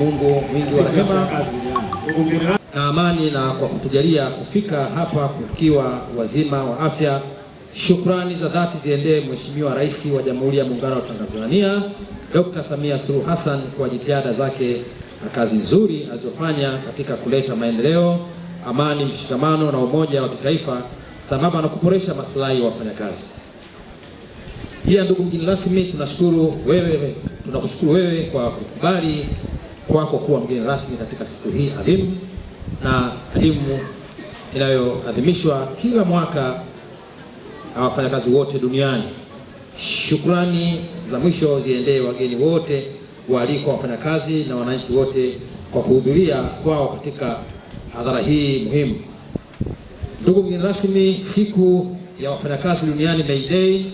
Mungu mwingi wa rehema na amani, na kwa kutujalia kufika hapa kukiwa wazima wa afya. Shukrani za dhati ziendee Mheshimiwa Rais wa Jamhuri ya Muungano wa Tanzania Dr. Samia Suluhu Hassan kwa jitihada zake na kazi nzuri alizofanya katika kuleta maendeleo, amani, mshikamano na umoja wa kitaifa sambamba na kuboresha maslahi ya wafanyakazi. Pia ndugu mgeni rasmi, tunashukuru wewe, tunakushukuru wewe kwa kukubali kwako kuwa mgeni rasmi katika siku hii adhimu na alimu inayoadhimishwa kila mwaka na wafanyakazi wote duniani. Shukrani za mwisho ziendee wageni wote waliko, wafanyakazi na wananchi wote kwa kuhudhuria kwao katika hadhara hii muhimu. Ndugu mgeni rasmi, siku ya wafanyakazi duniani May Day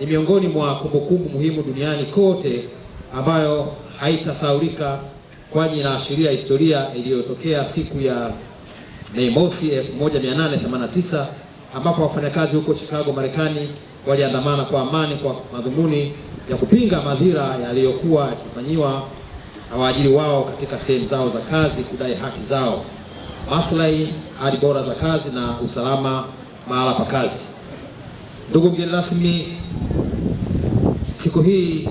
ni miongoni mwa kumbukumbu muhimu duniani kote ambayo haitasahaulika, kwani inaashiria historia iliyotokea siku ya Mei Mosi 1889 ambapo wafanyakazi huko Chicago, Marekani waliandamana kwa amani kwa madhumuni ya kupinga madhira yaliyokuwa yakifanyiwa na waajiri wao katika sehemu zao za kazi, kudai haki zao, maslahi, hali bora za kazi na usalama mahala pa kazi. Ndugu mgeni rasmi Siku hii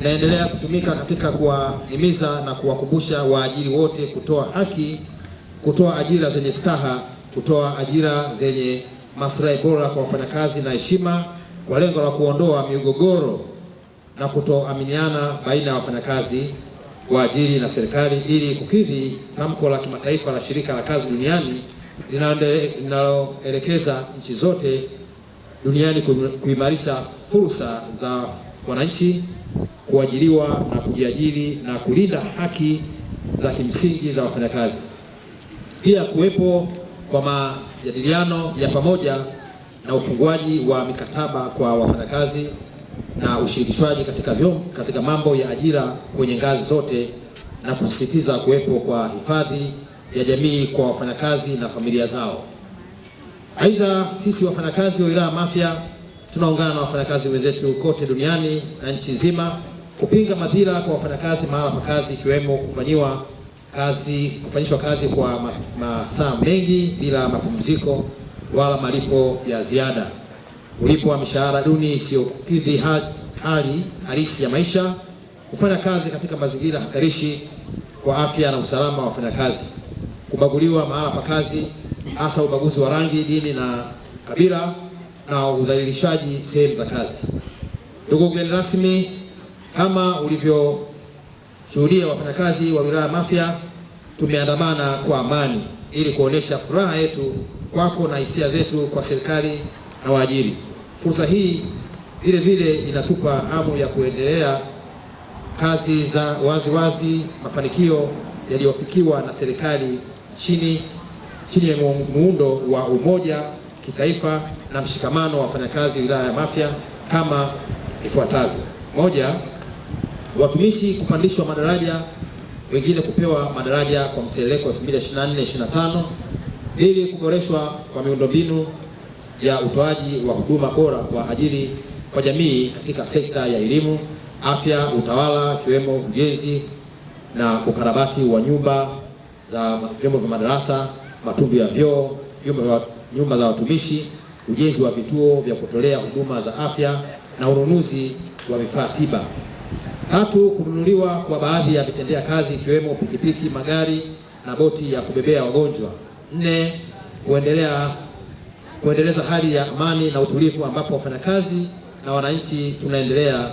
inaendelea kutumika katika kuwahimiza na kuwakumbusha waajiri wote kutoa haki, kutoa ajira zenye staha, kutoa ajira zenye maslahi bora kwa wafanyakazi na heshima, kwa lengo la kuondoa migogoro na kutoaminiana baina ya wafanyakazi, waajiri na serikali, ili kukidhi tamko la kimataifa la Shirika la Kazi Duniani linaloelekeza nchi zote duniani kuimarisha fursa za wananchi kuajiriwa na kujiajiri na kulinda haki za kimsingi za wafanyakazi, pia kuwepo kwa majadiliano ya pamoja na ufunguaji wa mikataba kwa wafanyakazi na ushirikishwaji katika vyom, katika mambo ya ajira kwenye ngazi zote na kusisitiza kuwepo kwa hifadhi ya jamii kwa wafanyakazi na familia zao. Aidha, sisi wafanyakazi wa wilaya Mafia tunaungana na wafanyakazi wenzetu kote duniani na nchi nzima kupinga madhila kwa wafanyakazi mahala pa kazi, ikiwemo kufanyiwa kazi, kufanyishwa kazi kwa masaa mengi bila mapumziko wala malipo ya ziada, kulipwa mishahara duni isiyokidhi hali halisi ya maisha, kufanya kazi katika mazingira hatarishi kwa afya na usalama wa wafanyakazi, kubaguliwa mahala pa kazi, hasa ubaguzi wa rangi, dini na kabila na udhalilishaji sehemu za kazi. Ndugu mgeni rasmi, kama ulivyoshuhudia, wafanyakazi wa wilaya Mafia tumeandamana kwa amani ili kuonesha furaha yetu kwako na hisia zetu kwa serikali na waajiri. Fursa hii vile vile inatupa hamu ya kuendelea kazi za waziwazi wazi, mafanikio yaliyofikiwa na serikali chini chini ya muundo wa umoja kitaifa na mshikamano wa wafanyakazi wilaya ya Mafia kama ifuatavyo: moja, watumishi kupandishwa madaraja, wengine kupewa madaraja kwa mseleko 2024 25 ili kuboreshwa kwa miundombinu ya utoaji wa huduma bora kwa ajili kwa jamii katika sekta ya elimu, afya, utawala, ikiwemo ujenzi na ukarabati wa nyumba za vyombo vya madarasa, matundu ya vyoo, nyumba za watumishi ujenzi wa vituo vya kutolea huduma za afya na ununuzi wa vifaa tiba. Tatu, kununuliwa kwa baadhi ya vitendea kazi ikiwemo pikipiki, magari na boti ya kubebea wagonjwa. Nne, kuendelea kuendeleza hali ya amani na utulivu ambapo wafanyakazi na wananchi tunaendelea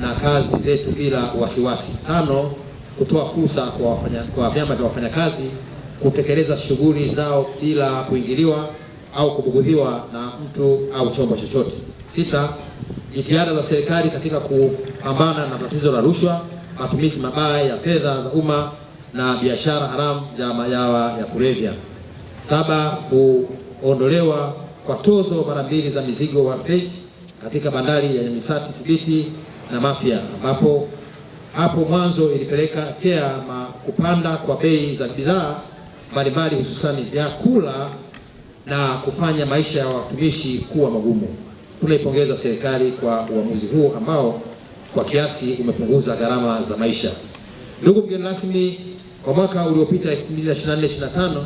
na kazi zetu bila wasiwasi. Tano, kutoa fursa kwa, kwa vyama vya wafanyakazi kutekeleza shughuli zao bila kuingiliwa au kubugudhiwa na mtu au chombo chochote. Sita, jitihada za serikali katika kupambana na tatizo la rushwa, matumizi mabaya ya fedha za umma na biashara haramu za madawa ya kulevya. Saba, kuondolewa kwa tozo mara mbili za mizigo wa fei katika bandari ya Nyamisati, Kibiti na Mafia ambapo hapo mwanzo ilipeleka kea kupanda kwa bei za bidhaa mbalimbali hususani vyakula na kufanya maisha ya watumishi kuwa magumu. Tunaipongeza serikali kwa uamuzi huo ambao kwa kiasi umepunguza gharama za maisha. Ndugu mgeni rasmi, kwa mwaka uliopita 2024/25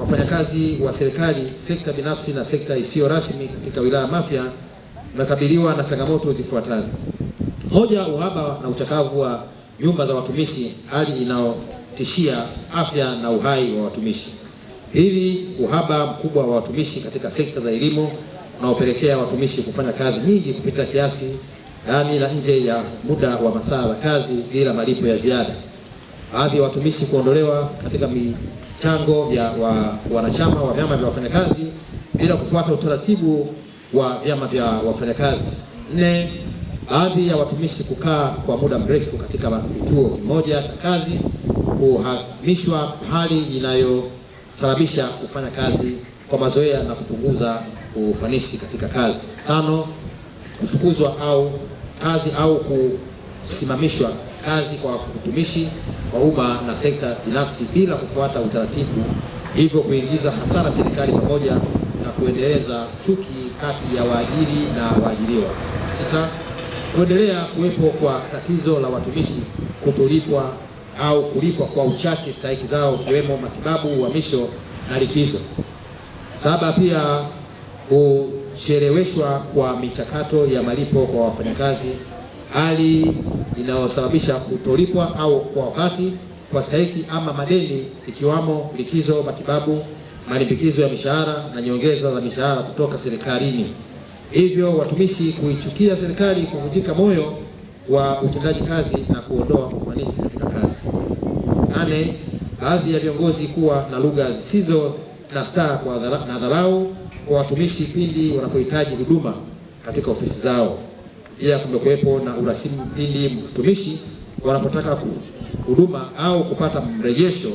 wafanyakazi wa serikali, sekta binafsi na sekta isiyo rasmi katika wilaya Mafia umekabiliwa na changamoto zifuatazo: moja, uhaba na uchakavu wa nyumba za watumishi, hali inayotishia afya na uhai wa watumishi. Hili uhaba mkubwa wa watumishi katika sekta za elimu unaopelekea watumishi kufanya kazi nyingi kupita kiasi ndani na nje ya muda wa masaa ya kazi bila malipo ya ziada. Baadhi ya watumishi kuondolewa katika michango ya wa, wanachama wa vyama vya wafanyakazi bila kufuata utaratibu wa vyama vya wafanyakazi. Nne, baadhi ya watumishi kukaa kwa muda mrefu katika kituo kimoja cha kazi, kuhamishwa hali inayo kusababisha kufanya kazi kwa mazoea na kupunguza ufanisi katika kazi. Tano, kufukuzwa au kazi au kusimamishwa kazi kwa utumishi wa umma na sekta binafsi bila kufuata utaratibu, hivyo kuingiza hasara serikali pamoja na kuendeleza chuki kati ya waajiri na waajiriwa. Sita, kuendelea kuwepo kwa tatizo la watumishi kutolipwa au kulipwa kwa uchache stahiki zao ikiwemo matibabu, uhamisho na likizo. Saba, pia kucheleweshwa kwa michakato ya malipo kwa wafanyakazi, hali inayosababisha kutolipwa au kwa wakati kwa stahiki ama madeni ikiwamo likizo, matibabu, malimbikizo ya mishahara na nyongeza za mishahara kutoka serikalini, hivyo watumishi kuichukia serikali kuvunjika moyo wa utendaji kazi na kuondoa ufanisi katika kazi. Nane, baadhi ya viongozi kuwa na lugha zisizo na staa kwa na dharau kwa watumishi pindi wanapohitaji huduma katika ofisi zao. Pia kumekuwepo na urasimu pindi mtumishi wanapotaka huduma au kupata mrejesho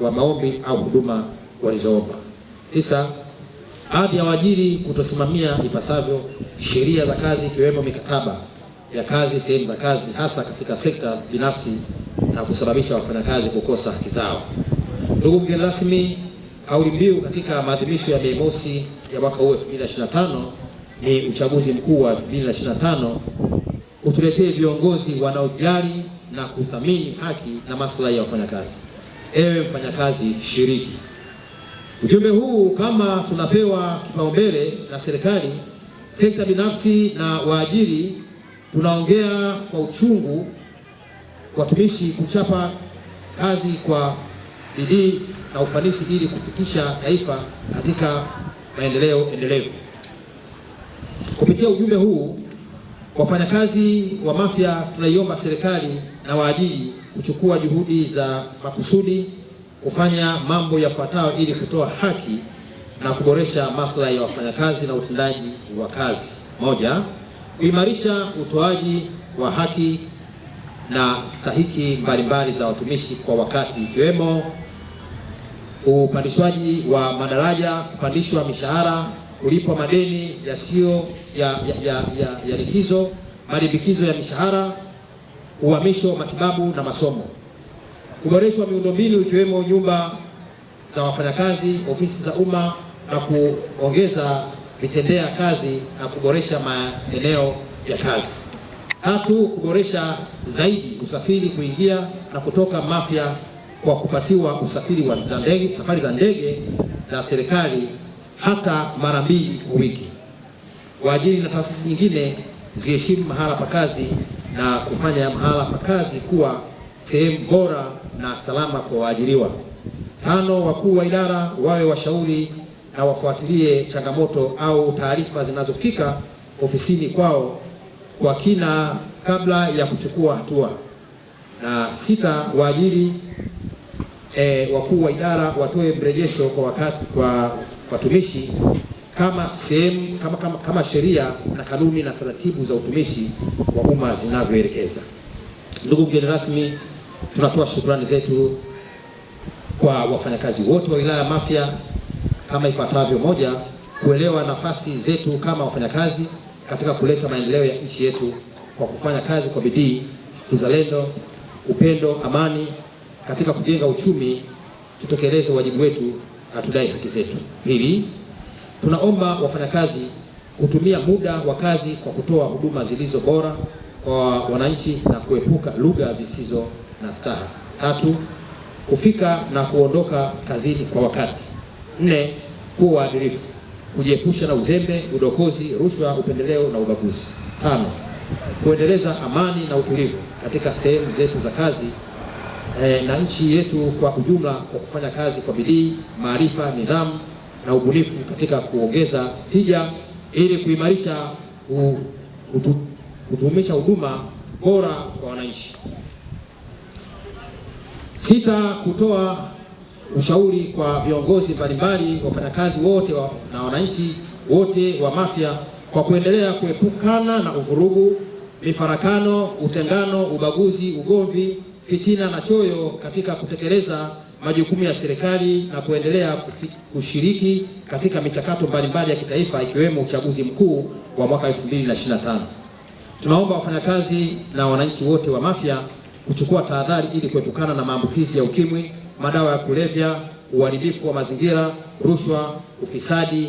wa maombi au huduma walizoomba. Tisa, baadhi ya waajiri kutosimamia ipasavyo sheria za kazi ikiwemo mikataba ya kazi sehemu za kazi, hasa katika sekta binafsi na kusababisha wafanyakazi kukosa haki zao. Ndugu mgeni rasmi, kauli mbiu katika maadhimisho ya Mei Mosi ya mwaka huu 2025 ni uchaguzi mkuu wa 2025 utuletee viongozi wanaojali na kuthamini haki na maslahi ya wafanyakazi. Ewe mfanyakazi, shiriki. Ujumbe huu kama tunapewa kipaumbele na serikali, sekta binafsi na waajiri Tunaongea kwa uchungu watumishi kuchapa kazi kwa bidii na ufanisi ili kufikisha taifa katika maendeleo endelevu. Kupitia ujumbe huu, wafanyakazi wa Mafya tunaiomba serikali na waajiri kuchukua juhudi za makusudi kufanya mambo yafuatayo ili kutoa haki na kuboresha maslahi ya wafanyakazi na utendaji wa kazi. Moja, kuimarisha utoaji wa haki na stahiki mbalimbali za watumishi kwa wakati, ikiwemo upandishwaji wa madaraja, kupandishwa mishahara, kulipwa madeni yasiyo ya, ya, ya, ya, ya likizo, malimbikizo ya mishahara, uhamisho, matibabu na masomo, kuboreshwa miundombinu ikiwemo nyumba za wafanyakazi, ofisi za umma na kuongeza vitendea kazi na kuboresha maeneo ya kazi. Tatu, kuboresha zaidi usafiri kuingia na kutoka Mafia kwa kupatiwa usafiri wa ndege, safari za ndege za serikali hata mara mbili kwa wiki. Waajiri na taasisi nyingine ziheshimu mahala pa kazi na kufanya mahala pa kazi kuwa sehemu bora na salama kwa waajiriwa. Tano, wakuu wa idara wawe washauri na wafuatilie changamoto au taarifa zinazofika ofisini kwao kwa kina kabla ya kuchukua hatua. Na sita, waajiri e, wakuu wa idara watoe mrejesho kwa wakati kwa watumishi kama sehemu kama, kama, kama sheria na kanuni na taratibu za utumishi wa umma zinavyoelekeza. Ndugu mgeni rasmi, tunatoa shukrani zetu kwa wafanyakazi wote wa wilaya Mafia kama ifuatavyo: moja, kuelewa nafasi zetu kama wafanyakazi katika kuleta maendeleo ya nchi yetu kwa kufanya kazi kwa bidii, uzalendo, upendo, amani katika kujenga uchumi. Tutekeleze wajibu wetu na tudai haki zetu. Pili, tunaomba wafanyakazi kutumia muda wa kazi kwa kutoa huduma zilizo bora kwa wananchi na kuepuka lugha zisizo na staha. Tatu, kufika na kuondoka kazini kwa wakati. Nne, kuwa waadilifu, kujiepusha na uzembe, udokozi, rushwa, upendeleo na ubaguzi. Tano, kuendeleza amani na utulivu katika sehemu zetu za kazi e, na nchi yetu kwa ujumla kwa kufanya kazi kwa bidii, maarifa, nidhamu na ubunifu katika kuongeza tija ili kuimarisha kutumisha huduma bora kwa wananchi. Sita, kutoa ushauri kwa viongozi mbalimbali, wafanyakazi wote wa, na wananchi wote wa Mafia kwa kuendelea kuepukana na uvurugu, mifarakano, utengano, ubaguzi, ugomvi, fitina na choyo katika kutekeleza majukumu ya serikali na kuendelea kushiriki katika michakato mbalimbali ya kitaifa ikiwemo uchaguzi mkuu wa mwaka 2025. Tunaomba wafanyakazi na wananchi wote wa Mafia kuchukua tahadhari ili kuepukana na maambukizi ya ukimwi madawa ya kulevya, uharibifu wa mazingira, rushwa, ufisadi.